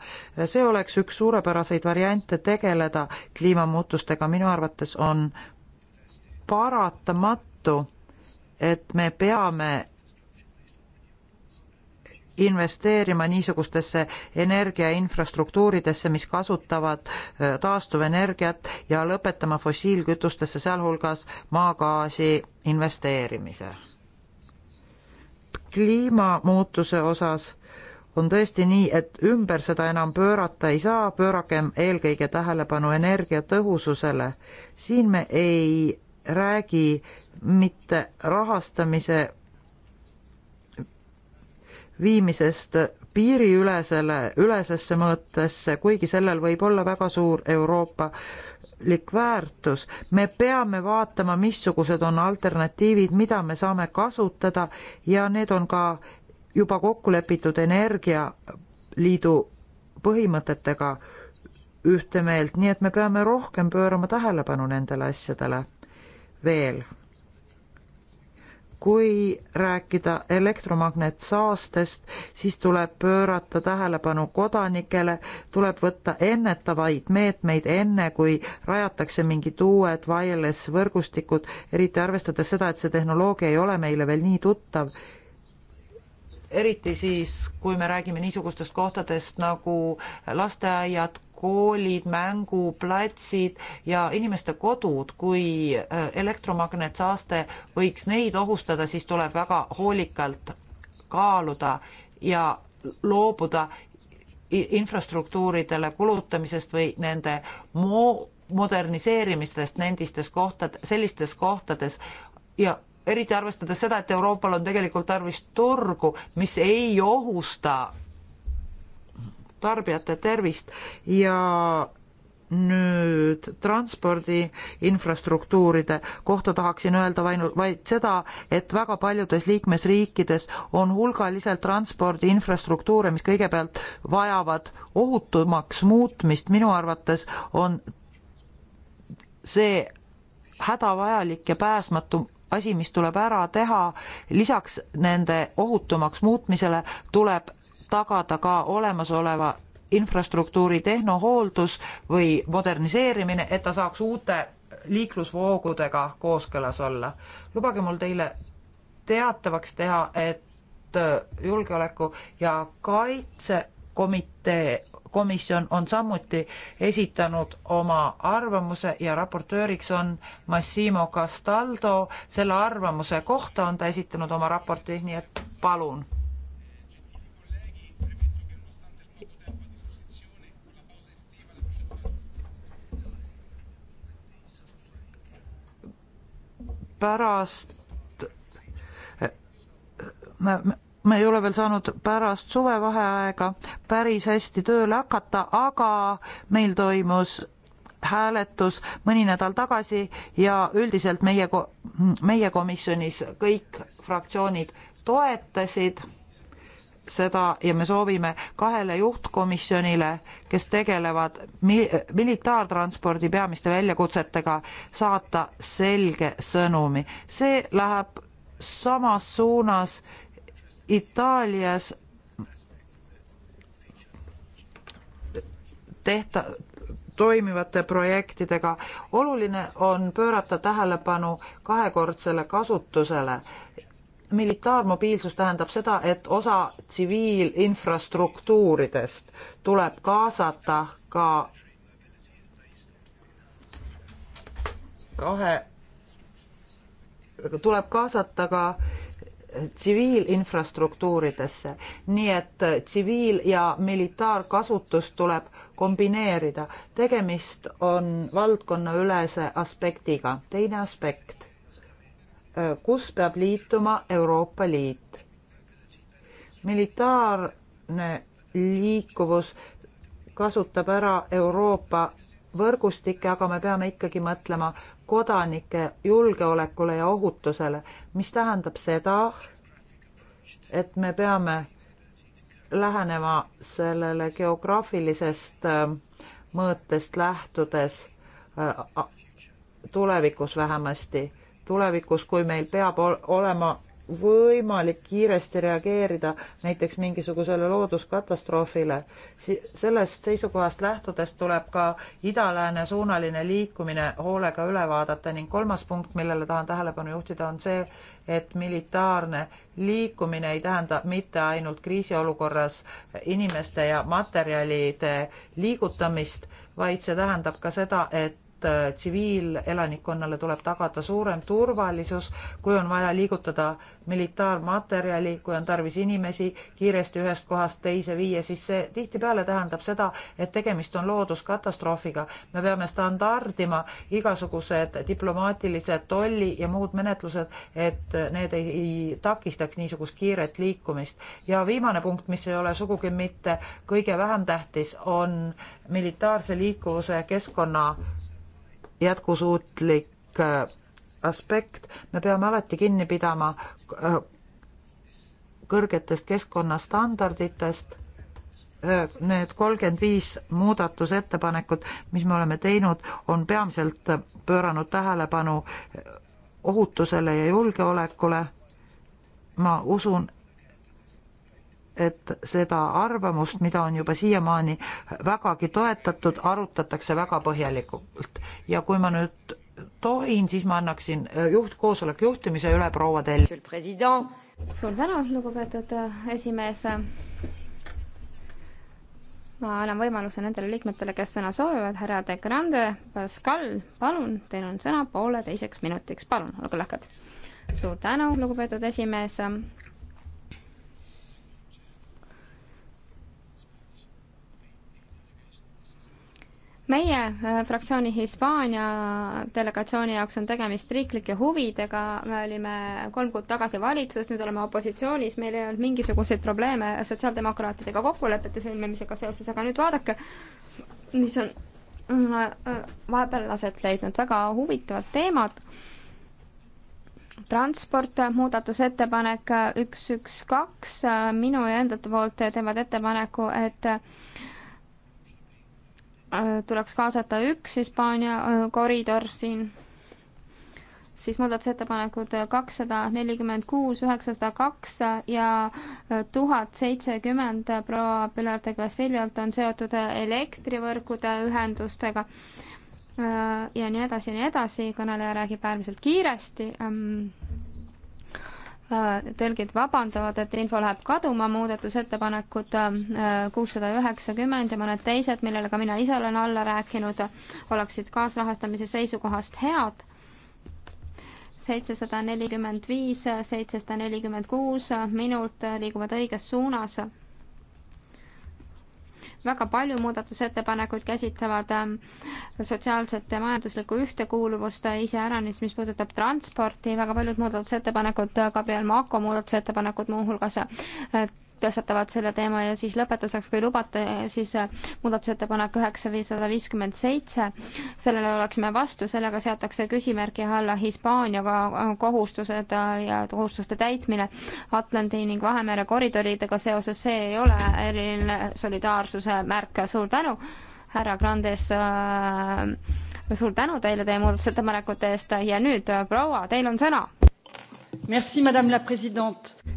see oleks üks suurepäraseid variante tegeleda kliimamuutustega, minu arvates on paratamatu, et me peame investeerima niisugustesse energiainfrastruktuuridesse, mis kasutavad äh, taastuvenergiat ja lõpetama fossiilkütustesse, sealhulgas maagaasi investeerimise. kliimamuutuse osas on tõesti nii, et ümber seda enam pöörata ei saa, pöörakem eelkõige tähelepanu energiatõhususele. siin me ei räägi mitte rahastamise viimisest piiriülesele, ülesesse mõõtesse, kuigi sellel võib olla väga suur Euroopa lik väärtus, me peame vaatama, missugused on alternatiivid, mida me saame kasutada ja need on ka juba kokku lepitud energialiidu põhimõtetega ühte meelt, nii et me peame rohkem pöörama tähelepanu nendele asjadele veel kui rääkida elektromagnetsaastest, siis tuleb pöörata tähelepanu kodanikele, tuleb võtta ennetavaid meetmeid, enne kui rajatakse mingid uued wireless võrgustikud, eriti arvestades seda, et see tehnoloogia ei ole meile veel nii tuttav eriti siis, kui me räägime niisugustest kohtadest nagu lasteaiad, koolid, mänguplatsid ja inimeste kodud, kui äh, elektromagnetsaaste võiks neid ohustada, siis tuleb väga hoolikalt kaaluda ja loobuda infrastruktuuridele kulutamisest või nende mo-, moderniseerimistest nendistes kohtad, sellistes kohtades ja eriti arvestades seda, et Euroopal on tegelikult tarvis turgu, mis ei ohusta tarbijate tervist ja nüüd transpordi infrastruktuuride kohta tahaksin öelda ainult vaid seda, et väga paljudes liikmesriikides on hulgaliselt transpordi infrastruktuure, mis kõigepealt vajavad ohutumaks muutmist, minu arvates on see hädavajalik ja pääsmatu asi, mis tuleb ära teha, lisaks nende ohutumaks muutmisele tuleb tagada ka olemasoleva infrastruktuuri tehnohooldus või moderniseerimine, et ta saaks uute liiklusvoogudega kooskõlas olla. lubage mul teile teatavaks teha, et äh, julgeoleku ja kaitse komitee, komisjon on samuti esitanud oma arvamuse ja raportööriks on Massimo Castaldo. selle arvamuse kohta on ta esitanud oma raporti, nii et palun. pärast me, me me ei ole veel saanud pärast suvevaheaega päris hästi tööle hakata, aga meil toimus hääletus mõni nädal tagasi ja üldiselt meie, meie komisjonis kõik fraktsioonid toetasid seda ja me soovime kahele juhtkomisjonile, kes tegelevad mi-, militaartranspordi peamiste väljakutsetega, saata selge sõnumi. see läheb samas suunas Itaalias tehta, toimivate projektidega. oluline on pöörata tähelepanu kahekordsele kasutusele. militaarmobiilsus tähendab seda, et osa tsiviilinfrastruktuuridest tuleb kaasata ka kahe, tuleb kaasata ka äh, tsiviilinfrastruktuuridesse, nii et äh, tsiviil- ja militaarkasutust tuleb kombineerida. tegemist on valdkonnaülese aspektiga. teine aspekt, äh, kus peab liituma Euroopa Liit? militaarne liikuvus kasutab ära Euroopa võrgustikke, aga me peame ikkagi mõtlema kodanike julgeolekule ja ohutusele, mis tähendab seda, et me peame lähenema sellele geograafilisest äh, mõõtest lähtudes äh, tulevikus vähemasti, tulevikus, kui meil peab olema võimalik kiiresti reageerida näiteks mingisugusele looduskatastroofile. sellest seisukohast lähtudes tuleb ka ida-lääne suunaline liikumine hoolega üle vaadata ning kolmas punkt, millele tahan tähelepanu juhtida, on see, et militaarne liikumine ei tähenda mitte ainult kriisiolukorras inimeste ja materjalide liigutamist, vaid see tähendab ka seda, et Äh, tsiviilelanikkonnale tuleb tagada suurem turvalisus, kui on vaja liigutada militaarmaterjali, kui on tarvis inimesi kiiresti ühest kohast teise viia, siis see tihtipeale tähendab seda, et tegemist on looduskatastroofiga. me peame standardima igasugused diplomaatilised tolli ja muud menetlused, et need ei, ei takistaks niisugust kiiret liikumist. ja viimane punkt, mis ei ole sugugi mitte kõige vähem tähtis, on militaarse liikuvuse keskkonna jätkusuutlik äh, aspekt, me peame alati kinni pidama äh, kõrgetest keskkonnastandarditest. Äh, need kolmkümmend viis muudatusettepanekut, mis me oleme teinud, on peamiselt pööranud tähelepanu ohutusele ja julgeolekule. ma usun, et seda arvamust, mida on juba siiamaani vägagi toetatud, arutatakse väga põhjalikult. ja kui ma nüüd tohin, siis ma annaksin äh, juht, koosoleku juhtimise üle proua Tell. suur tänu, lugupeetud äh, esimees. ma annan võimaluse nendele liikmetele, kes sõna soovivad, härra De Grande, Pascal, palun, teil on sõna pooleteiseks minutiks, palun, olge lahked. suur tänu, lugupeetud esimees meie äh, fraktsiooni Hispaania delegatsiooni jaoks on tegemist riiklike huvidega, me olime kolm kuud tagasi valitsuses, nüüd oleme opositsioonis, meil ei olnud mingisuguseid probleeme sotsiaaldemokraatidega kokkulepete sõlmimisega seoses, aga nüüd vaadake, mis on äh, äh, vahepeal aset leidnud, väga huvitavad teemad transport, muudatusettepanek üks, üks, kaks, minu ja endate poolt teevad ettepaneku, et Äh, tuleks kaasata üks Hispaania äh, koridor siin, siis muudatusettepanekud äh, kakssada nelikümmend kuus, üheksasada kaks ja tuhat seitsekümmend proua Pilar de Castillolt on seotud elektrivõrgude ühendustega ja nii edasi ja nii edasi, kõneleja räägib äärmiselt kiiresti ähm,. Äh, tõlgid vabandavad, et info läheb kaduma, muudatusettepanekud äh, kuussada üheksakümmend ja mõned teised, millele ka mina ise olen alla rääkinud, oleksid kaasrahastamise seisukohast head. seitsesada nelikümmend viis, seitsesada nelikümmend kuus minult liiguvad õiges suunas väga palju muudatusettepanekuid käsitlevad ähm, sotsiaalset ja majanduslikku ühtekuuluvust äh, iseäranis, mis puudutab transporti, väga paljud muudatusettepanekud, äh, Gabriel Maako muudatusettepanekud muuhulgas äh, tõstatavad selle teema ja siis lõpetuseks, kui lubate, siis äh, muudatusettepanek üheksasada viiskümmend seitse, sellele oleksime vastu, sellega seatakse küsimärgi alla Hispaania äh, kohustused äh, ja kohustuste täitmine Atlandi ning Vahemere koridoridega seoses, see ei ole eriline solidaarsuse märk, suur tänu, härra Grandes äh, suur tänu teile teie muudatusettepanekute eest ja nüüd proua, teil on sõna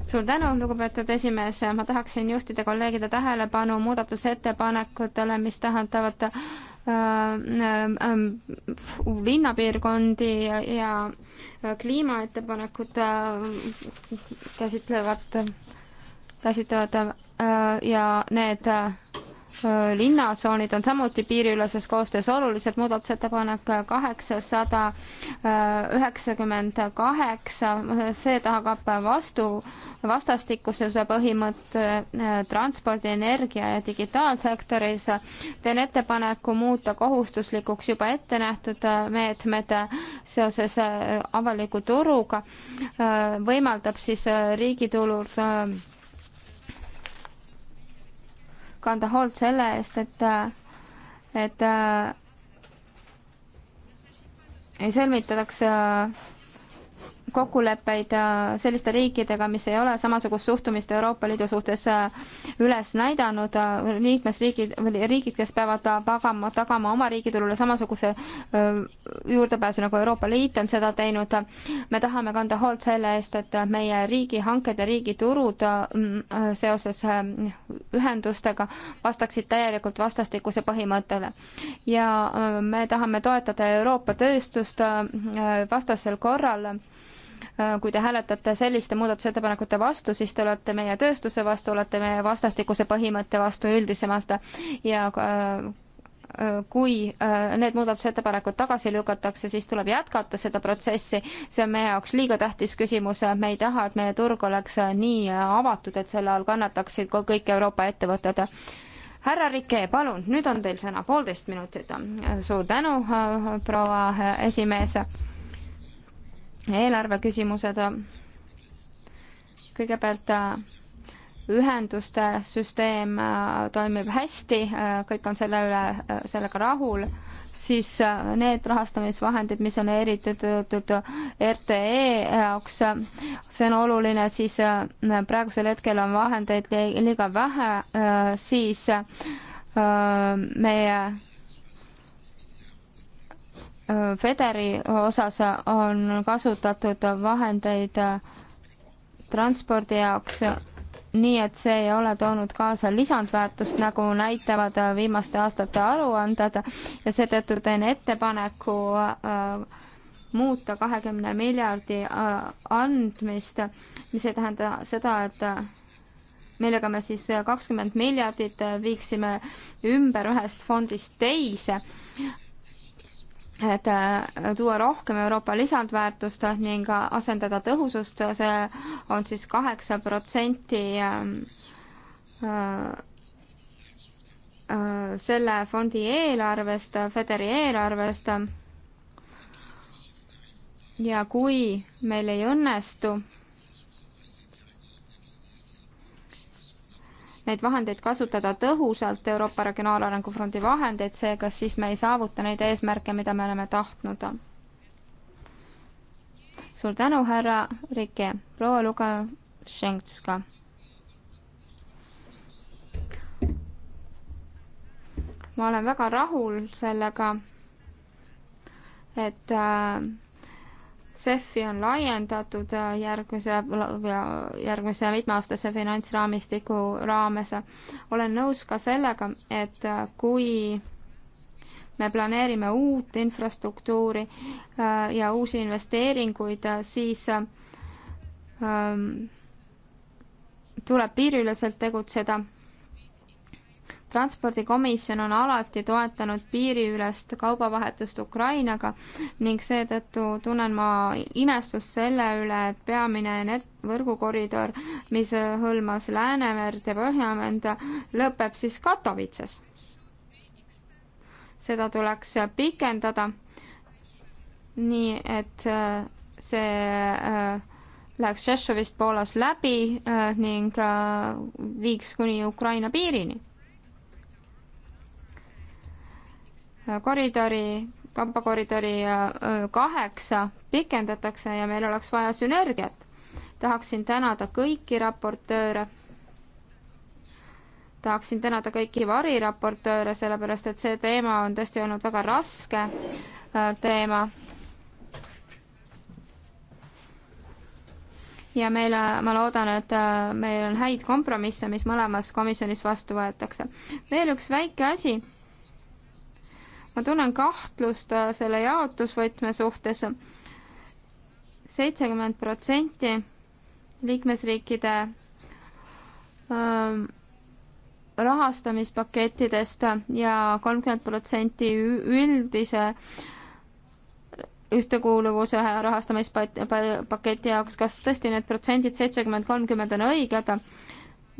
suur tänu, lugupeetud esimees, ma tahaksin juhtida kolleegide tähelepanu muudatusettepanekutele, mis tähendavad äh, äh, äh linnapiirkondi ja, ja äh, kliimaettepanekud äh, käsitlevad, käsitlevad äh, ja need linnatsoonid on samuti piiriüleses koostöös olulised, muudatusettepanek kaheksasada äh, üheksakümmend kaheksa, see tagab vastu, vastastikususe põhimõtte äh, transpordi, energia ja digitaalsektoris. teen ettepaneku muuta kohustuslikuks juba ette nähtud äh, meetmed seoses avaliku turuga, võimaldab siis riigitulud kanda hoolt selle eest, et, et äh, ei sõlmitaks äh, kokkuleppeid äh, selliste riikidega, mis ei ole samasugust suhtumist Euroopa Liidu suhtes äh, üles näidanud, äh, liikmesriigid, riigid, kes peavad tagama, tagama oma riigiturule samasuguse juurdepääsu nagu Euroopa Liit on seda teinud. me tahame kanda hoolt selle eest, et meie riigihanked ja riigiturud seoses ühendustega vastaksid täielikult vastastikuse põhimõttele. ja me tahame toetada Euroopa tööstust vastasel korral Äh, kui te hääletate selliste muudatusettepanekute vastu, siis te olete meie tööstuse vastu, olete meie vastastikuse põhimõtte vastu üldisemalt ja äh, äh, kui need muudatusettepanekud tagasi lükatakse, siis tuleb jätkata seda protsessi. see on meie jaoks liiga tähtis küsimus, me ei taha, et meie turg oleks nii avatud, et selle all kannataksid kõik Euroopa ettevõtted härra Rike, palun, nüüd on teil sõna, poolteist minutit. suur tänu, proua esimees eelarve küsimused. kõigepealt äh, ühenduste süsteem äh, toimib hästi, äh, kõik on selle üle, sellega rahul, siis need rahastamisvahendid, mis on eritatud RTE jaoks, see on oluline, siis praegusel hetkel on vahendeid liiga vähe, siis meie Federi osas on kasutatud vahendeid transpordi jaoks nii, et see ei ole toonud kaasa lisandväärtust, nagu näitavad viimaste aastate aruanded ja seetõttu teen ettepaneku äh, muuta kahekümne miljardi äh, andmist, mis ei tähenda seda, et millega me siis kakskümmend miljardit viiksime ümber ühest fondist teise et äh, tuua rohkem Euroopa lisandväärtust ning asendada tõhusust, see on siis kaheksa protsenti ähm, äh, äh, selle fondi eelarvest, Federi eelarvest. ja kui meil ei õnnestu neid vahendeid kasutada tõhusalt, Euroopa Regionaalarengu Fondi vahendeid, seega siis me ei saavuta neid eesmärke, mida me oleme tahtnud. suur tänu, härra Rike, proua Lukašenka. ma olen väga rahul sellega, et äh, CEF-i on laiendatud äh, järgmise, järgmise mitmeaastase finantsraamistiku raames. olen nõus ka sellega, et äh, kui me planeerime uut infrastruktuuri äh, ja uusi investeeringuid, siis ähm, tuleb piiriüleselt tegutseda transpordikomisjon on alati toetanud piiriülest kaubavahetust Ukrainaga ning seetõttu tunnen ma imestust selle üle, et peamine net-, võrgukoridor, mis hõlmas Läänemerd ja Põhjamerd, lõpeb siis Katowices. seda tuleks pikendada nii, et äh, see äh, läheks Šešovist Poolas läbi äh, ning viiks kuni Ukraina piirini koridori, kambakoridori kaheksa pikendatakse ja meil oleks vaja sünergiat. tahaksin tänada kõiki raportööre, tahaksin tänada kõiki variraportööre, sellepärast et see teema on tõesti olnud väga raske teema. ja meil, ma loodan, et meil on häid kompromisse, mis mõlemas komisjonis vastu võetakse. veel üks väike asi ma tunnen kahtlust äh, selle jaotusvõtme suhtes. seitsekümmend protsenti liikmesriikide ähm, rahastamispakettidest ja kolmkümmend protsenti üldise ühtekuuluvuse rahastamispaketi jaoks, kas tõesti need protsendid seitsekümmend, kolmkümmend on õiged?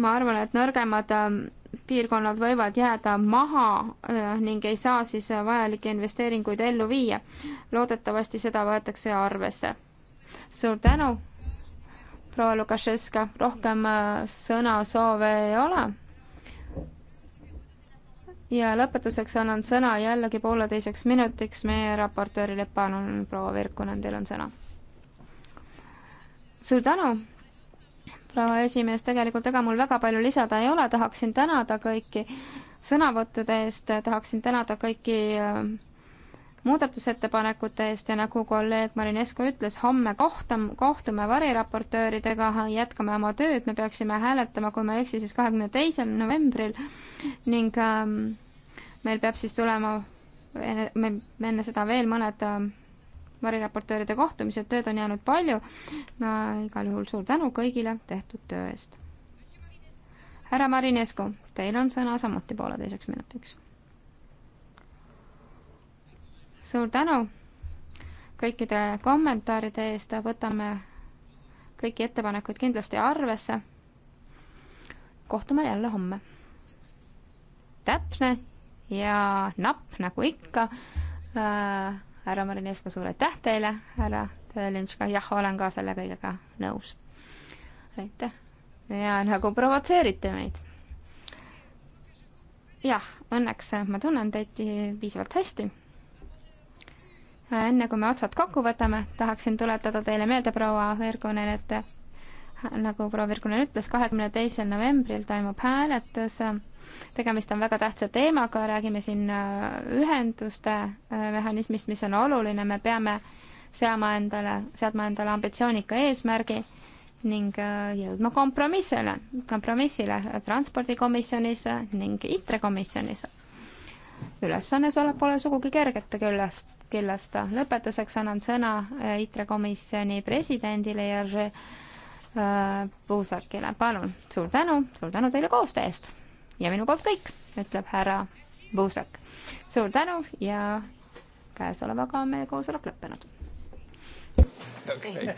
ma arvan, et nõrgemad ähm, piirkonnad võivad jääda maha eh, ning ei saa siis vajalikke investeeringuid ellu viia. loodetavasti seda võetakse arvesse. suur tänu, proua Lukašeska, rohkem eh, sõnasoove ei ole. ja lõpetuseks annan sõna jällegi pooleteiseks minutiks meie raportöörile, palun proua Virkunen, teil on sõna. suur tänu proua esimees, tegelikult ega mul väga palju lisada ei ole, tahaksin tänada kõiki sõnavõttude eest, tahaksin tänada kõiki äh, muudatusettepanekute eest ja nagu kolleeg Marinesko ütles, homme kohtam-, kohtume variraportööridega, jätkame oma tööd, me peaksime hääletama, kui ma ei eksi, siis kahekümne teisel novembril ning ähm, meil peab siis tulema enne, enne seda veel mõned ähm, variraportööride kohtumised, tööd on jäänud palju no,. igal juhul suur tänu kõigile tehtud töö eest. härra Marinesko, teil on sõna samuti pooleteiseks minutiks. suur tänu kõikide kommentaaride eest, võtame kõiki ettepanekuid kindlasti arvesse. kohtume jälle homme. täpne ja napp nagu ikka äh, härra Marinesko, suur aitäh teile, härra Telinška, jah, olen ka selle kõigega nõus. aitäh. ja nagu provotseerite meid. jah, õnneks ma tunnen teid piisavalt hästi. enne kui me otsad kokku võtame, tahaksin tuletada teile meelde, proua Virgunen, et nagu proua Virgunen ütles, kahekümne teisel novembril toimub hääletus tegemist on väga tähtsa teemaga, räägime siin äh, ühenduste äh, mehhanismist, mis on oluline, me peame seama endale, seadma endale ambitsioonika eesmärgi ning äh, jõudma kompromissile, kompromissile transpordikomisjonis ning ITRE komisjonis. ülesanne seal pole sugugi kergete küljest, küljest. lõpetuseks annan sõna ITRE komisjoni presidendile Jerzy Puusakile, palun, suur tänu, suur tänu teile koostöö eest! ja minu poolt kõik, ütleb härra Buusek. suur tänu ja käesolevaga on meie koosolek lõppenud okay..